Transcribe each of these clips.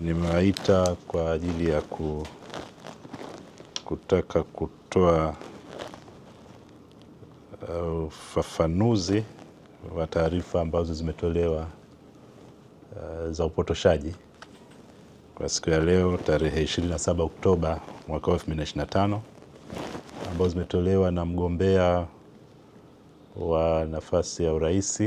Nimewaita kwa ajili ya kutaka kutoa uh, ufafanuzi wa taarifa ambazo zimetolewa uh, za upotoshaji kwa siku ya leo tarehe 27 Oktoba mwaka 2025 ambazo zimetolewa na mgombea wa nafasi ya urais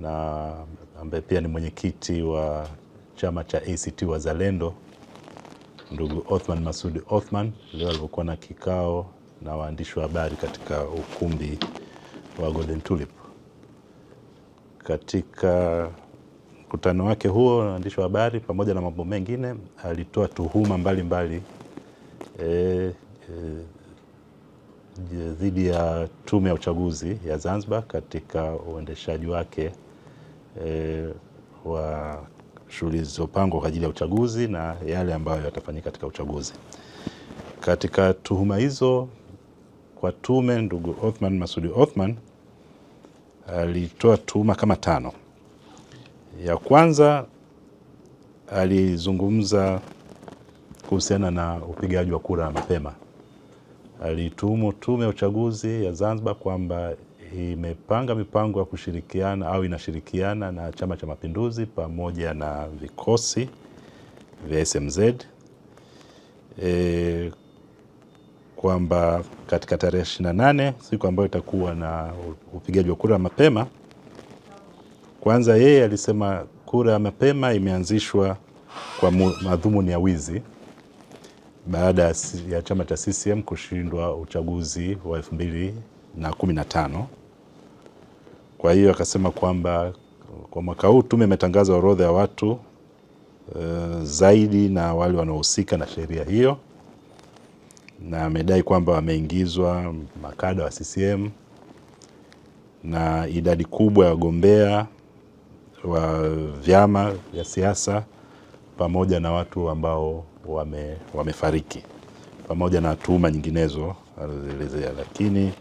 na ambaye pia ni mwenyekiti wa chama cha ACT Wazalendo ndugu Othman Masudi Othman leo alivyokuwa na kikao na waandishi wa habari katika ukumbi wa Golden Tulip. Katika mkutano wake huo na waandishi wa habari, pamoja na mambo mengine, alitoa tuhuma mbalimbali dhidi e, e, ya tume ya uchaguzi ya Zanzibar katika uendeshaji wake e, wa shughuli zilizopangwa kwa ajili ya uchaguzi na yale ambayo yatafanyika katika uchaguzi. Katika tuhuma hizo kwa tume, ndugu Othman Masudi Othman alitoa tuhuma kama tano. Ya kwanza alizungumza kuhusiana na upigaji wa kura mapema. Alituhumu tume ya uchaguzi ya Zanzibar kwamba imepanga mipango ya kushirikiana au inashirikiana na Chama cha Mapinduzi pamoja na vikosi vya SMZ e, kwamba katika tarehe 28 siku ambayo itakuwa na upigaji wa kura mapema. Kwanza yeye alisema kura ya mapema imeanzishwa kwa madhumuni ya wizi baada ya chama cha CCM kushindwa uchaguzi wa elfu mbili na kumi na tano. Kwa hiyo akasema kwamba kwa mwaka huu tume imetangaza orodha ya watu e, zaidi na wale wanaohusika na sheria hiyo, na amedai kwamba wameingizwa makada wa CCM na idadi kubwa ya wagombea wa vyama vya siasa pamoja na watu ambao wame, wamefariki pamoja na tuhuma nyinginezo alizoelezea, lakini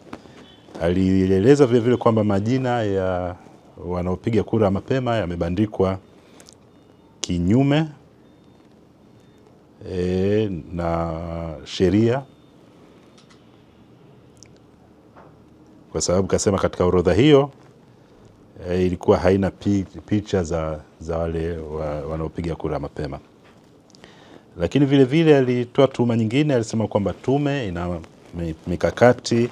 Alieleza vilevile kwamba majina ya wanaopiga kura mapema yamebandikwa kinyume e, na sheria kwa sababu kasema katika orodha hiyo e, ilikuwa haina picha za, za wale wa, wanaopiga kura mapema. Lakini vilevile alitoa tuma nyingine, alisema kwamba tume ina mikakati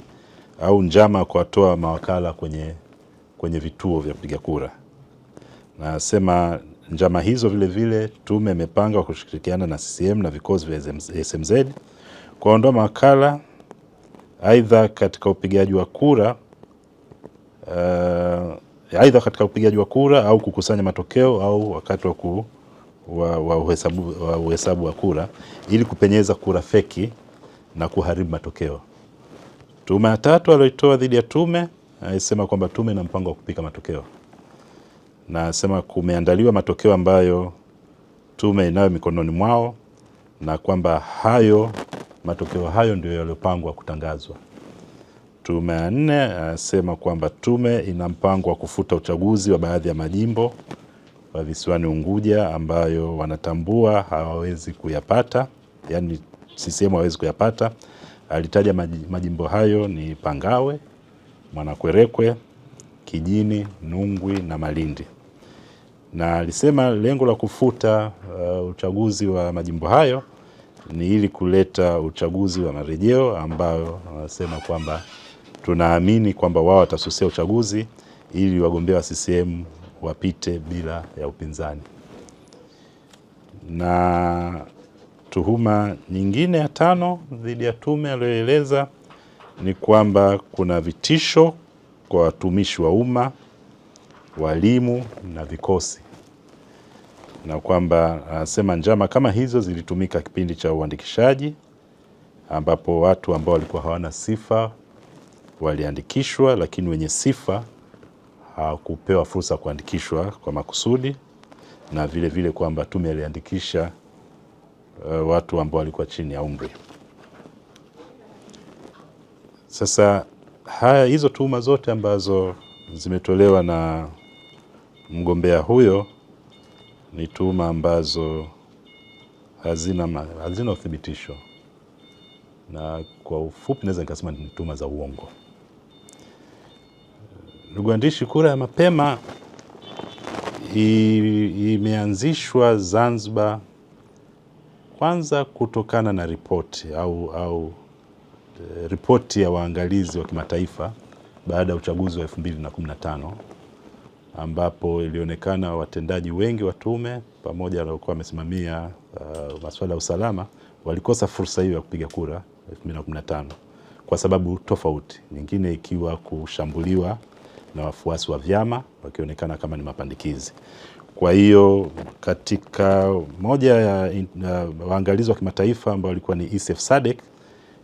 au njama ya kuwatoa mawakala kwenye, kwenye vituo vya kupiga kura. Nasema njama hizo vilevile vile, tume imepanga kushirikiana na CCM na vikosi vya SMZ kuwaondoa mawakala aidha katika upigaji wa kura uh, aidha katika upigaji wa kura au kukusanya matokeo au wakati wa, ku, wa, wa uhesabu wa, uhesabu wa kura ili kupenyeza kura feki na kuharibu matokeo. Tuhuma ya tatu aliyoitoa dhidi ya tume alisema kwamba tume ina mpango wa kupika matokeo, na asema kumeandaliwa matokeo ambayo tume inayo mikononi mwao na kwamba hayo matokeo hayo ndio yaliyopangwa kutangazwa. Tume ya nne anasema eh, kwamba tume ina mpango wa kufuta uchaguzi wa baadhi ya majimbo wa visiwani Unguja ambayo wanatambua hawawezi kuyapata, yani CCM hawawezi kuyapata Alitaja majimbo hayo ni Pangawe, Mwanakwerekwe, Kijini, Nungwi na Malindi, na alisema lengo la kufuta uh, uchaguzi wa majimbo hayo ni ili kuleta uchaguzi wa marejeo ambayo wanasema uh, kwamba tunaamini kwamba wao watasusia uchaguzi ili wagombea wa CCM wapite bila ya upinzani na Tuhuma nyingine ya tano dhidi ya tume aliyoeleza ni kwamba kuna vitisho kwa watumishi wa umma, walimu na vikosi, na kwamba anasema njama kama hizo zilitumika kipindi cha uandikishaji, ambapo watu ambao walikuwa hawana sifa waliandikishwa, lakini wenye sifa hawakupewa fursa ya kuandikishwa kwa makusudi, na vile vile kwamba tume aliandikisha uh, watu ambao walikuwa chini ya umri. Sasa haya, hizo tuhuma zote ambazo zimetolewa na mgombea huyo ni tuhuma ambazo hazina, hazina uthibitisho na kwa ufupi naweza nikasema ni tuhuma za uongo. Ndugu waandishi, kura ya mapema imeanzishwa Zanzibar kwanza kutokana na ripoti au, au e, ripoti ya waangalizi wa kimataifa baada ya uchaguzi wa 2015 ambapo ilionekana watendaji wengi wa tume pamoja na walikuwa wamesimamia uh, masuala ya usalama walikosa fursa hiyo ya kupiga kura 2015 kwa sababu tofauti, nyingine ikiwa kushambuliwa na wafuasi wa vyama wakionekana kama ni mapandikizi. Kwa hiyo katika moja ya uh, waangalizi wa kimataifa ambao walikuwa ni ISEF SADC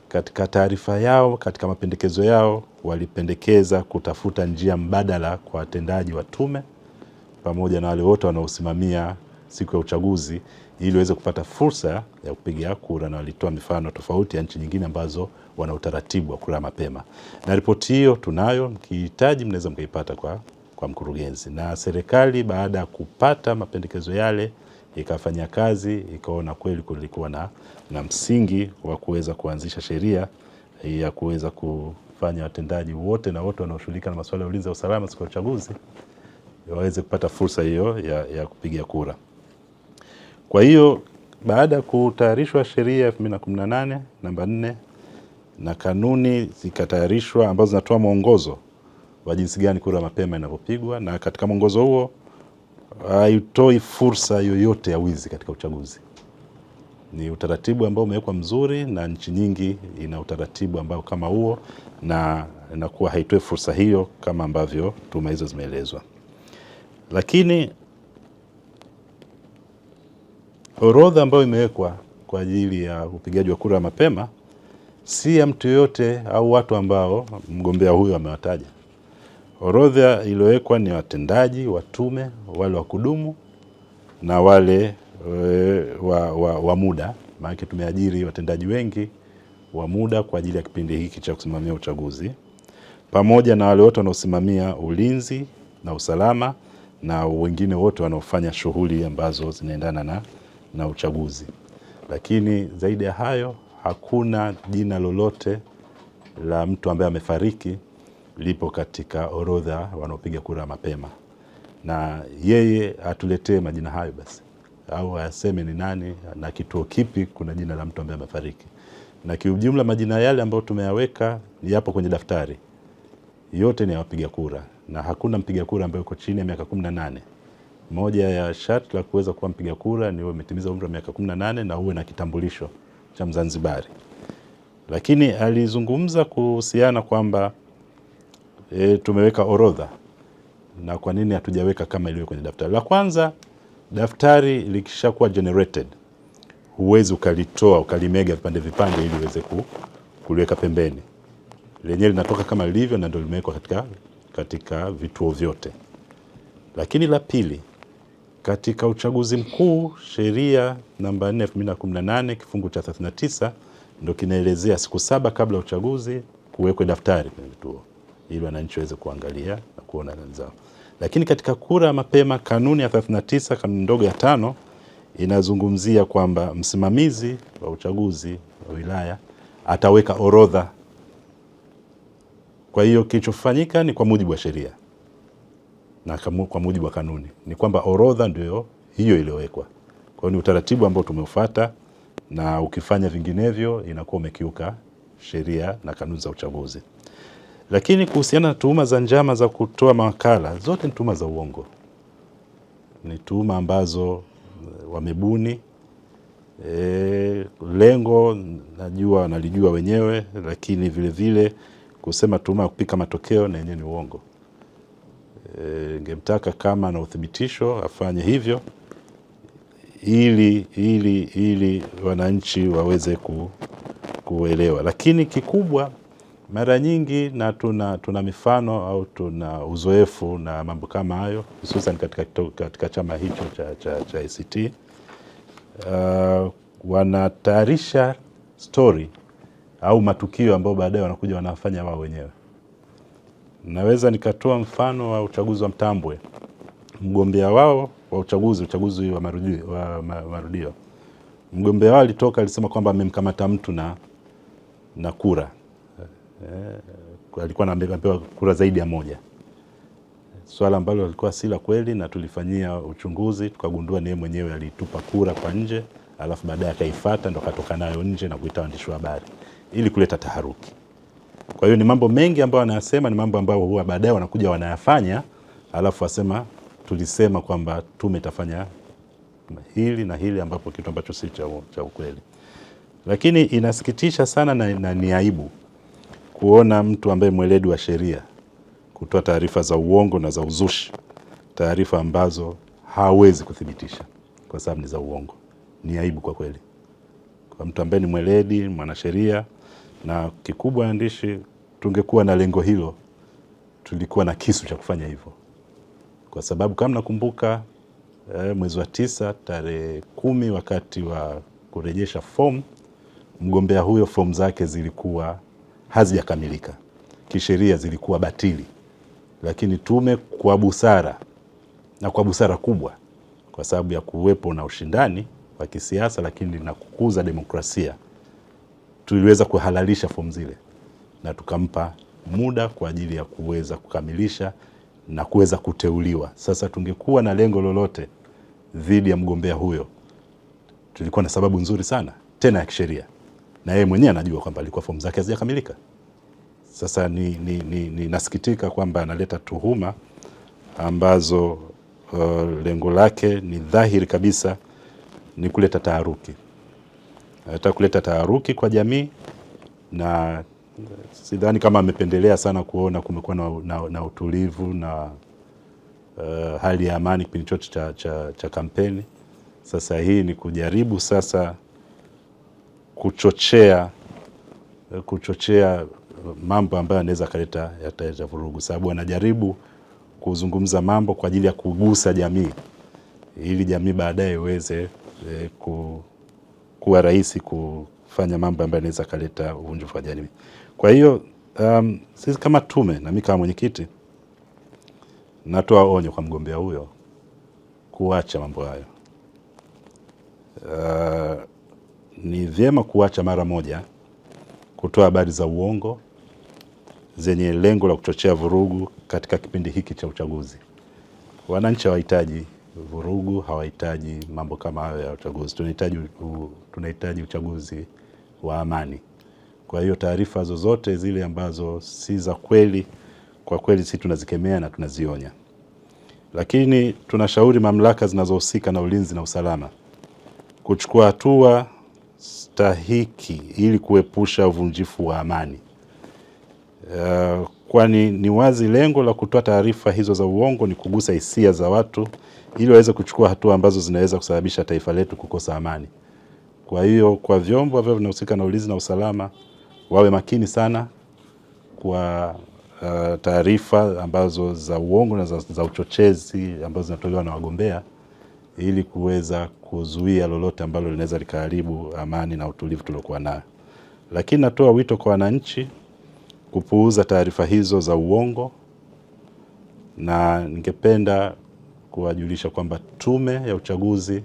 katika taarifa yao, katika mapendekezo yao walipendekeza kutafuta njia mbadala kwa watendaji wa tume pamoja na wale wote wanaosimamia siku ya uchaguzi ili waweze kupata fursa ya kupiga kura, na walitoa mifano tofauti ya nchi nyingine ambazo wana utaratibu wa kura mapema, na ripoti hiyo tunayo, mkihitaji mnaweza mkaipata kwa kwa mkurugenzi, na serikali baada ya kupata mapendekezo yale ikafanya kazi, ikaona kweli kulikuwa na, na msingi wa kuweza kuanzisha sheria ya kuweza kufanya watendaji wote na wote wanaoshughulika na masuala ya ulinzi wa usalama siku ya uchaguzi waweze kupata fursa hiyo ya, ya kupiga kura. Kwa hiyo baada ya kutayarishwa sheria 2018 namba 4 na kanuni zikatayarishwa ambazo zinatoa mwongozo wa jinsi gani kura mapema inavyopigwa, na katika mwongozo huo haitoi fursa yoyote ya wizi katika uchaguzi. Ni utaratibu ambao umewekwa mzuri, na nchi nyingi ina utaratibu ambao kama huo, na inakuwa haitoi fursa hiyo kama ambavyo tuma hizo zimeelezwa. Lakini orodha ambayo imewekwa kwa ajili ya upigaji wa kura mapema si ya mtu yoyote au watu ambao mgombea huyo amewataja. Orodha iliyowekwa ni watendaji, watume, wale wa kudumu na wale e, wa, wa, wa muda, maanake tumeajiri watendaji wengi wa muda kwa ajili ya kipindi hiki cha kusimamia uchaguzi, pamoja na wale wote wanaosimamia ulinzi na usalama na wengine wote wanaofanya shughuli ambazo zinaendana na, na uchaguzi. Lakini zaidi ya hayo hakuna jina lolote la mtu ambaye amefariki lipo katika orodha wanaopiga kura mapema, na yeye atuletee majina hayo basi, au aseme ni nani na kituo kipi kuna jina la mtu ambaye amefariki. Na kiujumla majina yale ambayo tumeyaweka yapo kwenye daftari, yote ni ya wapiga kura, na hakuna mpiga kura ambaye uko chini ya miaka 18. Moja ya sharti la kuweza kuwa mpiga kura ni uwe umetimiza umri wa miaka 18 na uwe na kitambulisho cha Mzanzibari. Lakini alizungumza kuhusiana kwamba e, tumeweka orodha na kwa nini hatujaweka kama ilivyo kwenye daftari la kwanza. Daftari likishakuwa generated huwezi ukalitoa ukalimega vipande vipande ili uweze kuliweka pembeni, lenyewe linatoka kama lilivyo na ndio limewekwa katika, katika vituo vyote. Lakini la pili, katika uchaguzi mkuu sheria namba 4 2018 kifungu cha 39 ndio kinaelezea siku saba kabla ya uchaguzi kuwekwe daftari kwenye vituo ili wananchi waweze kuangalia na kuona ndani zao. Lakini katika kura mapema, kanuni ya 39 kanuni ndogo ya tano inazungumzia kwamba msimamizi wa uchaguzi wa wilaya ataweka orodha. Kwa hiyo kilichofanyika ni kwa mujibu wa sheria na kwa mujibu wa kanuni ni kwamba orodha ndio hiyo iliyowekwa. Kwa hiyo ni utaratibu ambao tumeufuata, na ukifanya vinginevyo inakuwa umekiuka sheria na kanuni za uchaguzi. Lakini kuhusiana na tuhuma za njama za kutoa mawakala, zote ni tuhuma za uongo, ni tuhuma ambazo eh, wamebuni. E, lengo najua nalijua wenyewe, lakini vilevile vile, kusema tuhuma ya kupika matokeo na yenyewe ni uongo. Eh, ningemtaka e, kama na uthibitisho afanye hivyo ili, ili, ili wananchi waweze ku, kuelewa, lakini kikubwa mara nyingi na tuna, tuna mifano au tuna uzoefu na mambo kama hayo hususan katika, katika chama hicho cha, cha, cha ACT uh, wanatayarisha stori au matukio ambayo baadaye wanakuja wanafanya wao wenyewe. Naweza nikatoa mfano wa uchaguzi wa Mtambwe, mgombea wao wa uchaguzi uchaguzi wa marudio, wa marudio, mgombea wao alitoka alisema kwamba amemkamata mtu na, na kura eh, alikuwa anapewa kura zaidi ya moja, swala ambalo alikuwa si la kweli, na tulifanyia uchunguzi tukagundua ni yeye mwenyewe alitupa kura kwa nje, alafu baadaye akaifuata ndo akatoka nayo nje na kuita waandishi wa habari ili kuleta taharuki. Kwa hiyo ni mambo mengi ambayo anayasema, ni mambo ambayo huwa baadaye wanakuja wanayafanya, alafu wasema tulisema kwamba tume itafanya hili na hili, ambapo kitu ambacho si cha ukweli. Lakini inasikitisha sana na, na ni aibu kuona mtu ambaye mweledi wa sheria kutoa taarifa za uongo na za uzushi, taarifa ambazo hawezi kuthibitisha kwa sababu ni za uongo. Ni aibu kwa kweli kwa mtu ambaye ni mweledi mwanasheria, na kikubwa, andishi tungekuwa na lengo hilo, tulikuwa na kisu cha kufanya hivyo, kwa sababu kama nakumbuka eh, mwezi wa tisa tarehe kumi wakati wa kurejesha fomu mgombea huyo fomu zake zilikuwa hazijakamilika kisheria, zilikuwa batili, lakini tume kwa busara na kwa busara kubwa, kwa sababu ya kuwepo na ushindani wa kisiasa, lakini na kukuza demokrasia, tuliweza kuhalalisha fomu zile na tukampa muda kwa ajili ya kuweza kukamilisha na kuweza kuteuliwa. Sasa tungekuwa na lengo lolote dhidi ya mgombea huyo, tulikuwa na sababu nzuri sana tena ya kisheria na yeye mwenyewe anajua kwamba alikuwa fomu zake hazijakamilika. Sasa ninasikitika ni, ni, ni kwamba analeta tuhuma ambazo uh, lengo lake ni dhahiri kabisa ni kuleta taharuki, anataka kuleta taharuki kwa jamii, na sidhani kama amependelea sana kuona kumekuwa na, na, na utulivu na uh, hali ya amani kipindi chote cha, cha, cha kampeni. Sasa hii ni kujaribu sasa kuchochea kuchochea mambo ambayo anaweza akaleta yataleta vurugu, sababu anajaribu kuzungumza mambo kwa ajili ya kugusa jamii ili jamii baadaye iweze e, ku, kuwa rahisi kufanya mambo ambayo anaweza akaleta uvunjifu wa jamii. Kwa hiyo um, sisi kama tume na mimi kama mwenyekiti natoa onyo kwa mgombea huyo kuacha mambo hayo uh, ni vyema kuacha mara moja kutoa habari za uongo zenye lengo la kuchochea vurugu katika kipindi hiki cha uchaguzi. Wananchi hawahitaji vurugu, hawahitaji mambo kama hayo ya uchaguzi. Tunahitaji tunahitaji uchaguzi wa amani. Kwa hiyo taarifa zozote zile ambazo si za kweli, kwa kweli sisi tunazikemea na tunazionya, lakini tunashauri mamlaka zinazohusika na ulinzi na usalama kuchukua hatua stahiki ili kuepusha uvunjifu wa amani. Uh, kwani ni wazi lengo la kutoa taarifa hizo za uongo ni kugusa hisia za watu ili waweze kuchukua hatua ambazo zinaweza kusababisha taifa letu kukosa amani. Kwa hiyo kwa vyombo ambavyo vinahusika na ulinzi na usalama wawe makini sana kwa uh, taarifa ambazo za uongo na za, za uchochezi ambazo zinatolewa na wagombea ili kuweza kuzuia lolote ambalo linaweza likaharibu amani na utulivu tuliokuwa nayo. Lakini natoa wito kwa wananchi kupuuza taarifa hizo za uongo, na ningependa kuwajulisha kwamba Tume ya Uchaguzi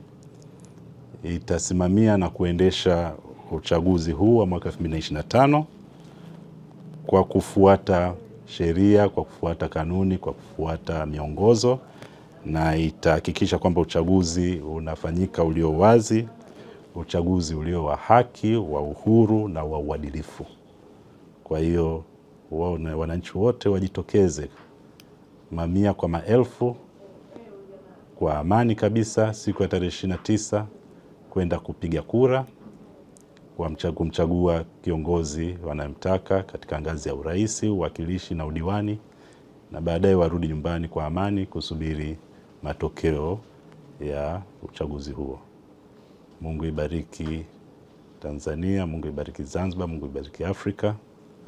itasimamia na kuendesha uchaguzi huu wa mwaka 2025 kwa kufuata sheria, kwa kufuata kanuni, kwa kufuata miongozo na itahakikisha kwamba uchaguzi unafanyika ulio wazi, uchaguzi ulio wa haki, wa uhuru na wa uadilifu. Kwa hiyo wananchi wote wajitokeze mamia kwa maelfu kwa amani kabisa siku ya tarehe ishirini na tisa kwenda kupiga kura kumchagua kiongozi wanayemtaka katika ngazi ya urais, uwakilishi na udiwani, na baadaye warudi nyumbani kwa amani kusubiri matokeo ya uchaguzi huo. Mungu ibariki Tanzania, Mungu ibariki Zanzibar, Mungu ibariki Afrika.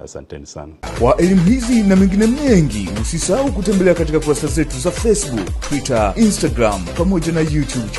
Asanteni sana. Kwa elimu hizi na mengine mengi, usisahau kutembelea katika kurasa zetu za Facebook, Twitter, Instagram pamoja na YouTube.